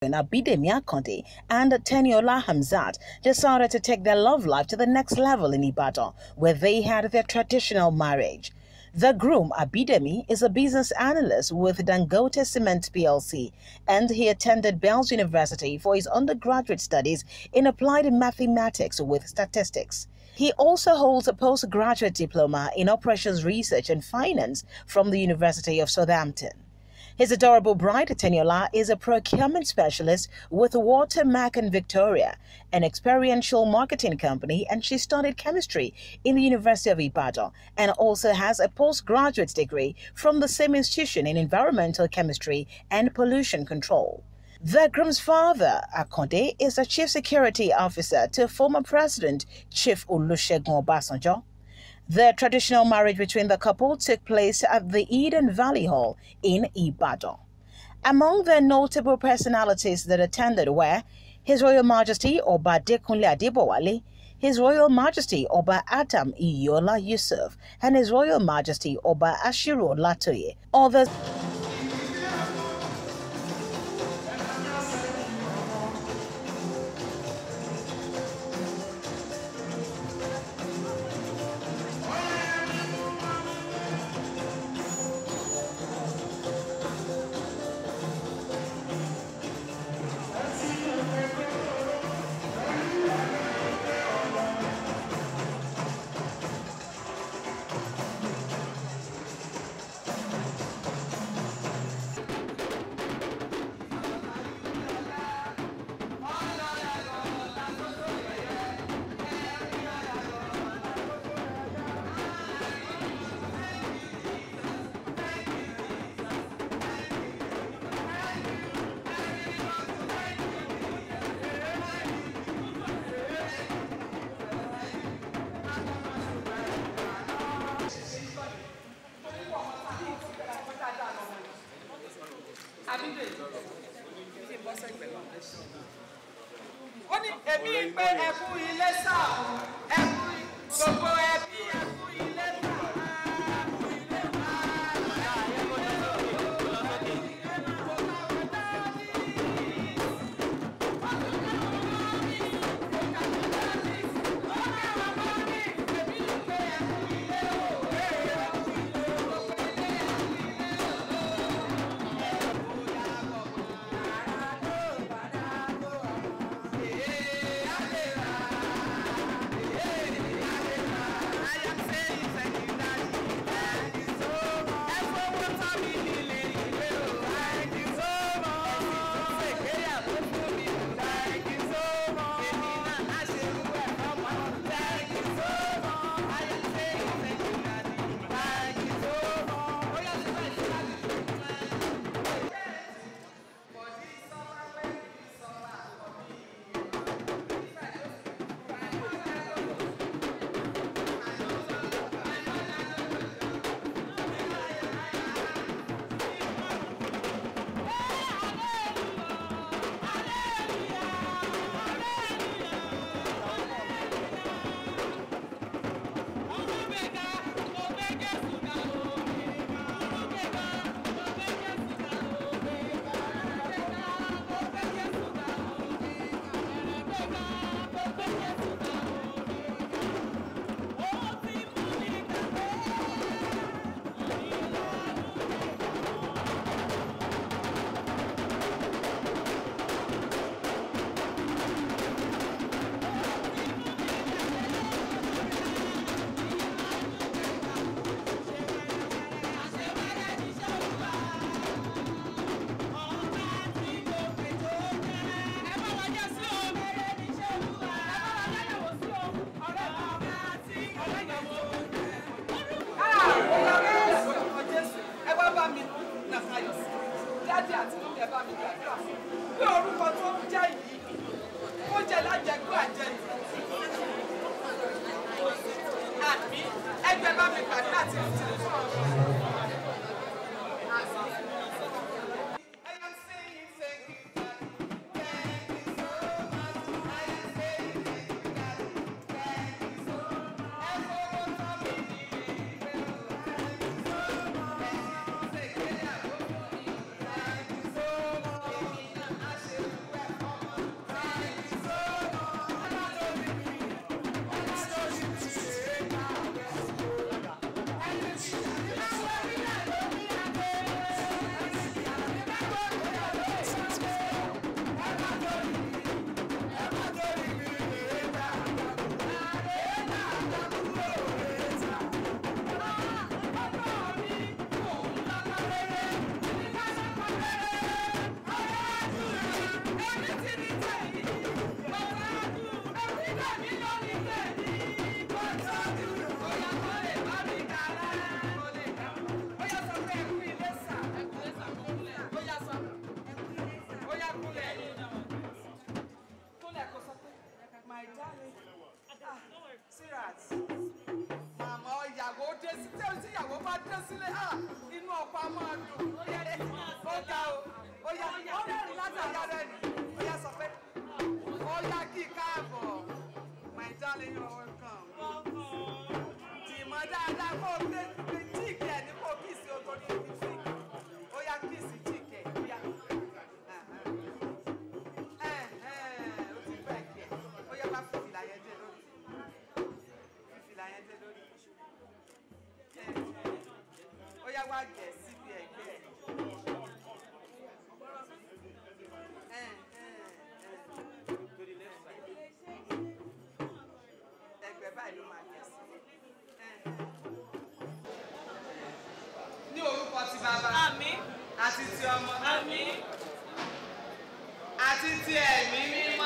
Abidemi Akonde and Teniola Hamzat decided to take their love life to the next level in Ibadan, where they had their traditional marriage. The groom, Abidemi, is a business analyst with Dangote Cement PLC, and he attended Bell's University for his undergraduate studies in applied mathematics with statistics. He also holds a postgraduate diploma in operations research and finance from the University of Southampton. His adorable bride, Teniola, is a procurement specialist with Walter and Victoria, an experiential marketing company, and she studied chemistry in the University of Ibadan and also has a postgraduate degree from the same institution in environmental chemistry and pollution control. The groom's father, Akonde, is the chief security officer to former president Chief Olusegun Obasanjo. The traditional marriage between the couple took place at the Eden Valley Hall in Ibadan. Among the notable personalities that attended were His Royal Majesty Oba Dekunle Adebowale, His Royal Majesty Oba Adam Iyola Yusuf, and His Royal Majesty Oba Ashiru Latoye. Others. èmi pé ẹkú ilé sáà ẹkú gbogbo bá mi gbàdúrà pé orúkọ tó ń jẹ́ yìí ó jẹ́ lájẹgbó àjẹjù àmì ẹgbẹ́ bá mi gbàdúrà tìrìtìrì fún ọ̀rọ̀. Sirat ìyàwó dé sí tí tí ìyàwó bá dé sílé inú ọ̀pá máa dùn ó yẹ ó ga o ó yà ó rẹ́rìn láti àyà rẹ̀ ni ó yà sọ pé ó yà kí káàbọ̀ my darling you are welcome. Dìmọ̀ dáadáa kó o gbé gbé jíìkì ẹ̀ ní kò kí ìsìn òtò ní ìfìfì. wá gẹ̀ síbi ẹ̀gbẹ́ ẹ̀. ẹgbẹ́ báyìí ló máa gẹ̀ sí. ní orúkọ ti bàbá. àmín. àti ti ọmọ. àmín. àti ti ẹ̀mí mímí.